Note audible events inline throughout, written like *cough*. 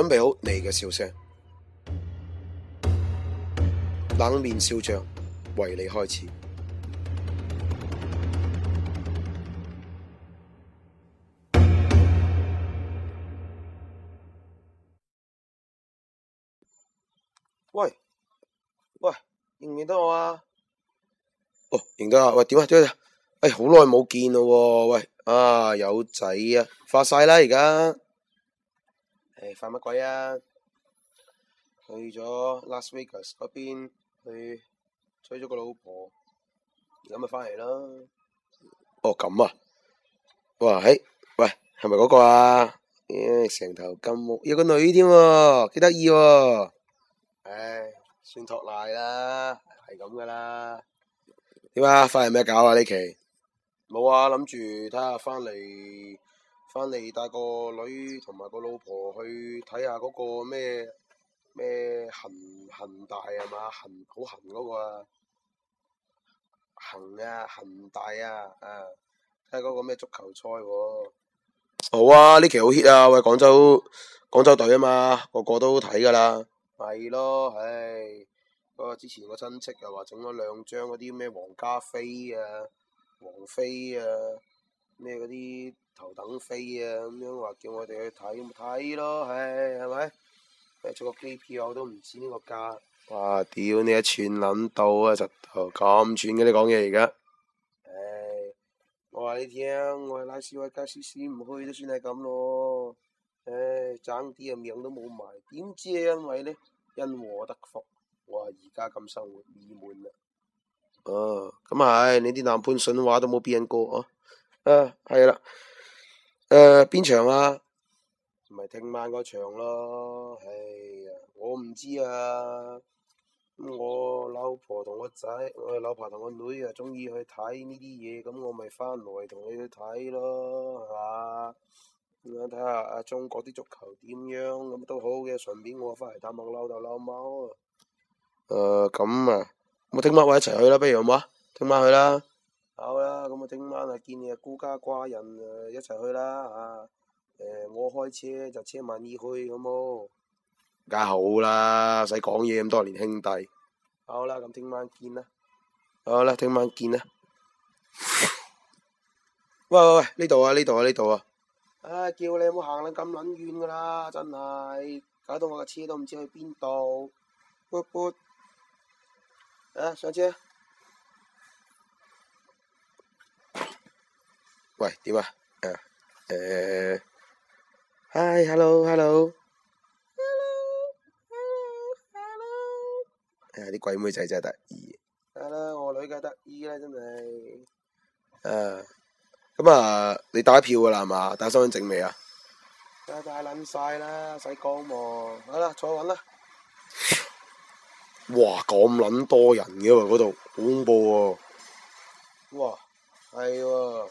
準備好你嘅笑聲，冷面笑匠為你開始。喂喂，認唔認得我啊？哦，認得、哎、啊！喂，點啊？點啊？哎，好耐冇見咯，喂啊，友仔啊，發晒啦，而家。誒、哎，犯乜鬼啊？去咗 Las Vegas 嗰邊，去追咗個老婆，而家咪翻嚟咯。哦，咁啊！哇，嘿、欸，喂，係咪嗰個啊？成、欸、頭金毛，有個女添、哦，幾得意喎！唉、哎，算托賴啦，係咁噶啦。點啊？翻嚟咩搞啊？呢期冇啊，諗住睇下翻嚟。翻嚟帶個女同埋個老婆去睇下嗰個咩，咩恆，恆大係嘛，恆，好恆，嗰個啊，恆啊，恆大啊，啊睇嗰個咩足球賽喎、啊！好啊！呢期好 hit 啊！喂，廣州廣州隊啊嘛，個個都睇㗎啦。係咯，唉，嗰個之前個親戚又話整咗兩張嗰啲咩黃家飛啊、王菲啊、咩嗰啲。頭等飛啊，咁樣話叫我哋去睇，咪睇咯，唉、嗯，係咪？出個機票我都唔止呢個價。哇，屌你啊！串諗到啊，就頭咁串嘅，你講嘢而家。唉、哎，我話你聽，哎、我係拉斯維加斯，試唔去都算係咁咯。唉、哎，爭啲嘅命都冇埋，點知因為呢，因禍得福，我而家咁生活意滿啦。啊、哦，咁、嗯、係、嗯哎、你啲南番順話都冇變過哦。啊，係啦。誒，邊、呃、場啊？咪聽晚個場咯，唉，呀，我唔知啊。我老婆同我仔，我、呃、老婆同我女我啊，看看啊，中意去睇呢啲嘢，咁我咪翻來同佢去睇咯，係嘛？咁睇下啊中國啲足球點樣，咁都好嘅。順便我翻嚟探望老豆老母。誒，咁、呃、啊，我聽晚一齊去啦，不如好唔好啊？聽晚去啦。好啦，咁啊，聽晚啊，見你啊，孤家寡人啊，一齊去啦啊！誒，我開車就車埋你去，好冇？梗好啦，使講嘢，咁多年兄弟。好啦，咁聽晚見啦。好啦，聽晚見啦。喂喂喂，呢度啊，呢度啊，呢度啊！唉，叫你冇行得咁卵遠噶啦，真係搞到我架車都唔知去邊度。噗噗，啊，上車。喂，點啊？啊、uh, Hello ,哎，誒，Hi，Hello，Hello，Hello，Hello，Hello，哎，啲鬼妹仔真係得意。係啦，我女梗係得意啦，真係。啊、uh, 嗯，咁啊，你打票噶啦，係嘛？打身份證未啊？啊，打卵晒啦，使講喎？好啦，再搵啦。哇，咁卵多人嘅喎，嗰度恐怖喎。哇，係喎。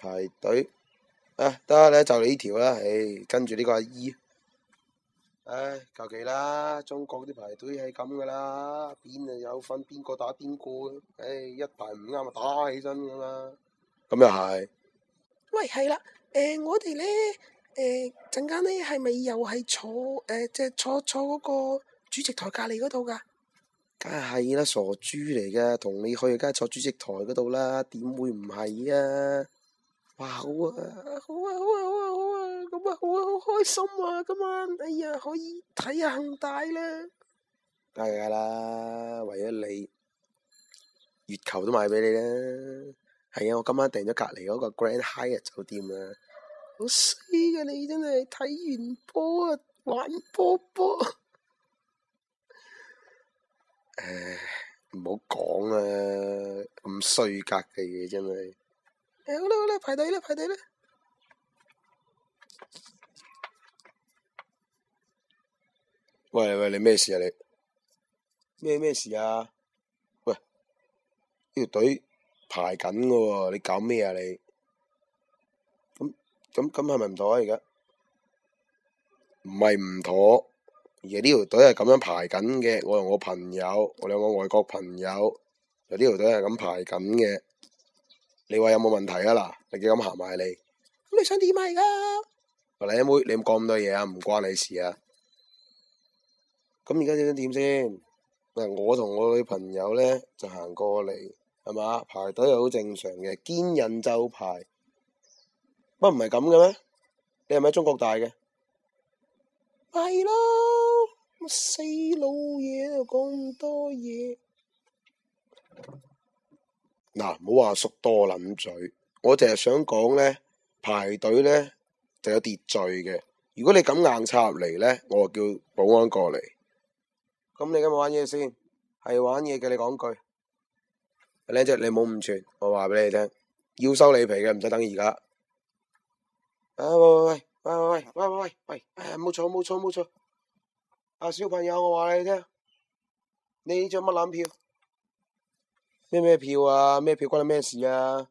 排隊啊，得啦，就你呢條啦，誒、欸，跟住呢個阿姨。唉、哎，求其啦，中國啲排隊係咁噶啦，邊啊有份邊個打邊個，誒、欸，一排唔啱啊，打起身噶嘛。咁又係。喂，係啦，誒、呃，我哋咧，誒、呃，陣間咧係咪又係坐誒，即、呃、係、就是、坐坐嗰個主席台隔籬嗰度噶？梗係啦，傻豬嚟嘅，同你去梗係坐主席台嗰度啦，點會唔係啊？哇好啊，好啊，好啊，好啊，好啊，咁啊，好啊，好，啊好啊，好開心啊！今晚，哎呀，可以睇下恒大啦，梗係啦、哎，為咗你，月球都買畀你啦。係、哎、啊，我今晚訂咗隔籬嗰個 Grand Hyatt 酒店啦。好衰噶，你真係睇完波啊，玩波波。唉、 *laughs* 呃，唔好講啊，咁衰格嘅嘢真係。誒，嚟嚟嚟，排隊啦，排隊啦！排隊喂，喂，你咩事啊你？咩咩事啊？喂，呢條隊排緊嘅喎，你搞咩啊你？咁咁咁係咪唔妥啊？而家唔係唔妥，而家呢條隊係咁樣排緊嘅。我同我朋友，我兩個外國朋友，就呢條隊係咁排緊嘅。你話有冇問題啊？嗱，你叫咁行埋嚟，咁你想點咪？噶，嗱，阿妹，你唔講咁多嘢啊，唔關你事啊。咁而家你想點先？嗱，我同我女朋友咧，就行過嚟，係嘛，排隊係好正常嘅，堅忍就排。乜唔係咁嘅咩？你係咪中國大嘅？係咯，乜死老嘢喺度講咁多嘢。嗱，唔好話叔多諗嘴，我淨係想講咧，排隊咧就有秩序嘅。如果你咁硬插入嚟咧，我叫保安過嚟。咁你而家玩嘢先，係玩嘢嘅你講句，阿靚仔你唔好咁串，我話俾你聽，要收你皮嘅，唔使等而家。喂喂喂喂喂喂喂喂，冇錯冇錯冇錯，阿小朋友我話你聽，你做乜攬票？咩咩票啊？咩票關你咩事啊？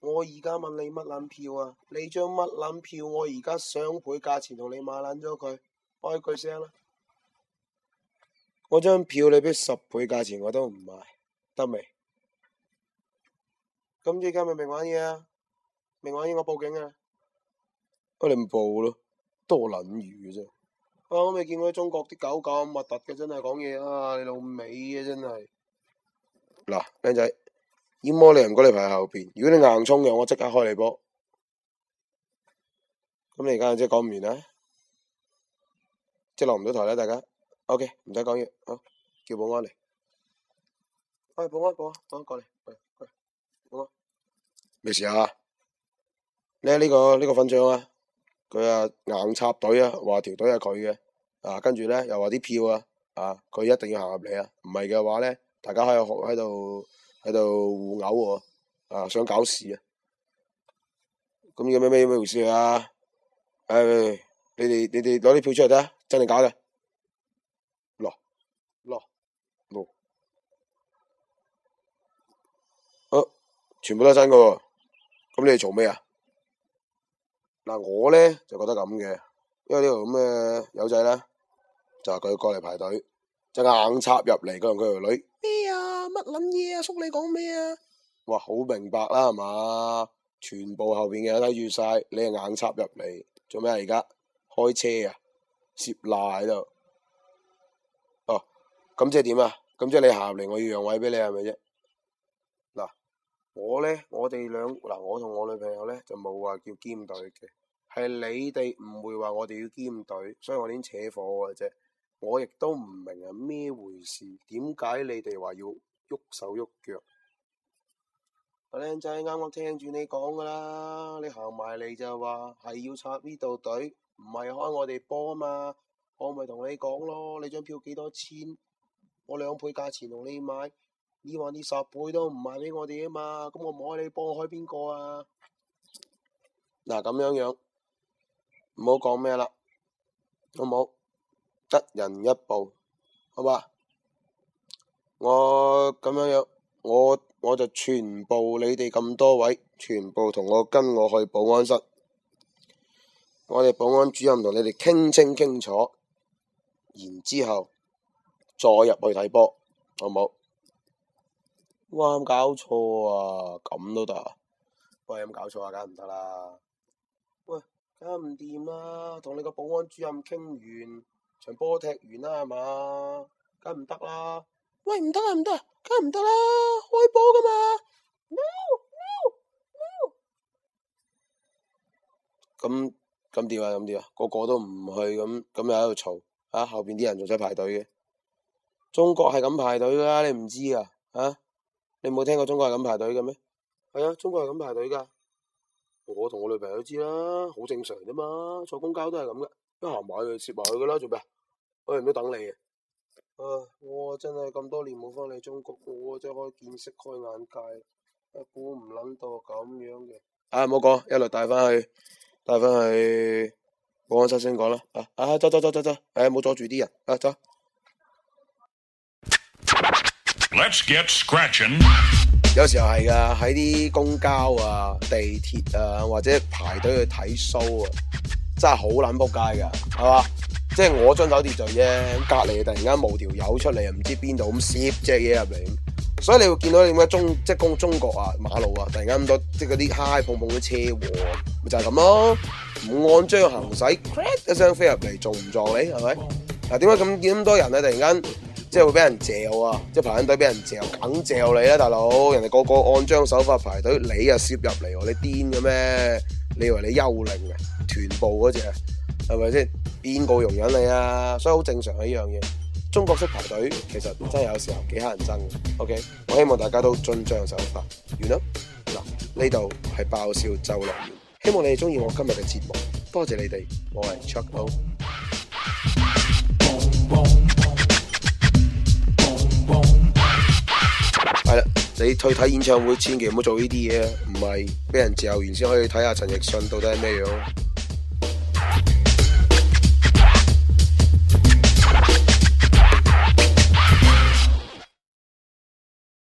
我而家問你乜撚票啊？你張乜撚票我？我而家雙倍價錢同你買撚咗佢，開句聲啦！我張票你俾十倍價錢我都唔買，得未？咁而家咪未玩嘢啊？未玩嘢我報警啊！啊你唔報咯，多撚語嘅啫！啊我未見過中國啲狗咁核突嘅真係講嘢啊！你老味啊真係～嗱，靚仔，煙魔你唔該你排後邊。如果你硬衝嘅，我即刻開你波。咁你而家即係講唔完啦，即係落唔到台啦，大家。OK，唔使講嘢，好，叫保安嚟。喂、哎，保安，保安，保安過嚟。去去。保安。咩事啊？咧、這、呢個呢、這個粉腸啊，佢啊硬插隊啊，話條隊係佢嘅。啊，跟住咧又話啲票啊，啊，佢一定要行入嚟啊，唔係嘅話咧。大家喺度喺度喺度互毆喎，啊想搞事啊！咁有咩咩咩回事啊？誒、哎，你哋你哋攞啲票出嚟睇下，真定假嘅？落落冇，哦、啊，全部都係真嘅。咁你哋做咩啊？嗱、啊，我咧就覺得咁嘅，因為呢度咁嘅友仔咧，就話佢過嚟排隊，即係硬插入嚟嗰條佢條女。乜諗嘢啊，叔你講咩啊？哇，好明白啦，係嘛？全部後邊嘅人都睇住晒，你係硬插入嚟做咩啊？而家開車啊，涉賴喺度。哦，咁即係點啊？咁即係你行入嚟，我要讓位俾你係咪啫？嗱，我呢，我哋兩嗱，我同我女朋友呢，就冇話叫兼隊嘅，係你哋唔會話我哋要兼隊，所以我先扯火嘅啫。我亦都唔明係咩回事，點解你哋話要？喐手喐腳，阿靚仔啱啱聽住你講噶啦，你行埋嚟就話係要插呢度隊，唔係開我哋波啊嘛！我咪同你講咯，你張票幾多錢？我兩倍價錢同你買，你話呢十倍都唔賣俾我哋啊嘛！咁我唔開你波，開邊個啊？嗱咁、啊、樣樣，唔好講咩啦，好冇？得人一步，好嘛？我咁樣樣，我我就全部你哋咁多位，全部同我跟我去保安室，我哋保安主任同你哋傾清清楚，然之後再入去睇波，好冇？話咁搞錯啊？咁都得？喂，有冇搞錯啊，梗唔得啦！喂，梗唔掂啦！同你個保安主任傾完場，波踢完啦，係嘛？梗唔得啦！喂，唔得啊，唔得啊，梗係唔得啦，開波噶嘛！咁咁點啊？咁點啊？個個都唔去，咁咁又喺度嘈啊！後邊啲人仲使排隊嘅？中國係咁排隊噶，你唔知啊？啊，你冇聽過中國係咁排隊嘅咩？係啊、哎，中國係咁排隊噶。我同我女朋友都知啦，好正常啫嘛。坐公交都係咁嘅，一行埋去，攝埋去噶啦，做咩？我人都等你。啊！我真係咁多年冇翻嚟中國，我真係可以見識開眼界，一估唔諗到咁樣嘅。啊，唔好講，一路帶翻去，帶翻去保安室先講啦。啊啊，走走走走走，哎，唔好阻住啲人，啊走。Let's get scratching。有時候係噶，喺啲公交啊、地鐵啊，或者排隊去睇 show 啊，真係好捻仆街噶，係嘛？即係我遵守秩序啫，咁隔籬突然間冒條友出嚟，唔知邊度咁攝隻嘢入嚟，所以你會見到點解中即係公中國啊馬路啊，突然間咁多即係嗰啲嗨碰碰啲車禍、啊，咪就係、是、咁咯，唔按章行駛一聲飛入嚟仲唔撞你係咪？嗱，點解咁點多人咧、啊？突然間即係會俾人嚼啊，即係排緊隊俾人嚼，梗嚼你啦、啊，大佬！人哋個個按章守法排隊，你又攝入嚟，我你癲嘅咩？你以為你幽靈啊？臀部嗰隻係咪先？邊個容忍你啊？所以好正常嘅一樣嘢，中國式排隊其實真係有時候幾乞人憎。OK，我希望大家都遵章守法。完啦，you know? 嗱呢度係爆笑週六夜，希望你哋中意我今日嘅節目。多謝你哋，我係 Chuck O、哦。係啦，你去睇演唱會千祈唔好做呢啲嘢啊！唔係俾人嚼完先可以睇下陳奕迅到底係咩樣。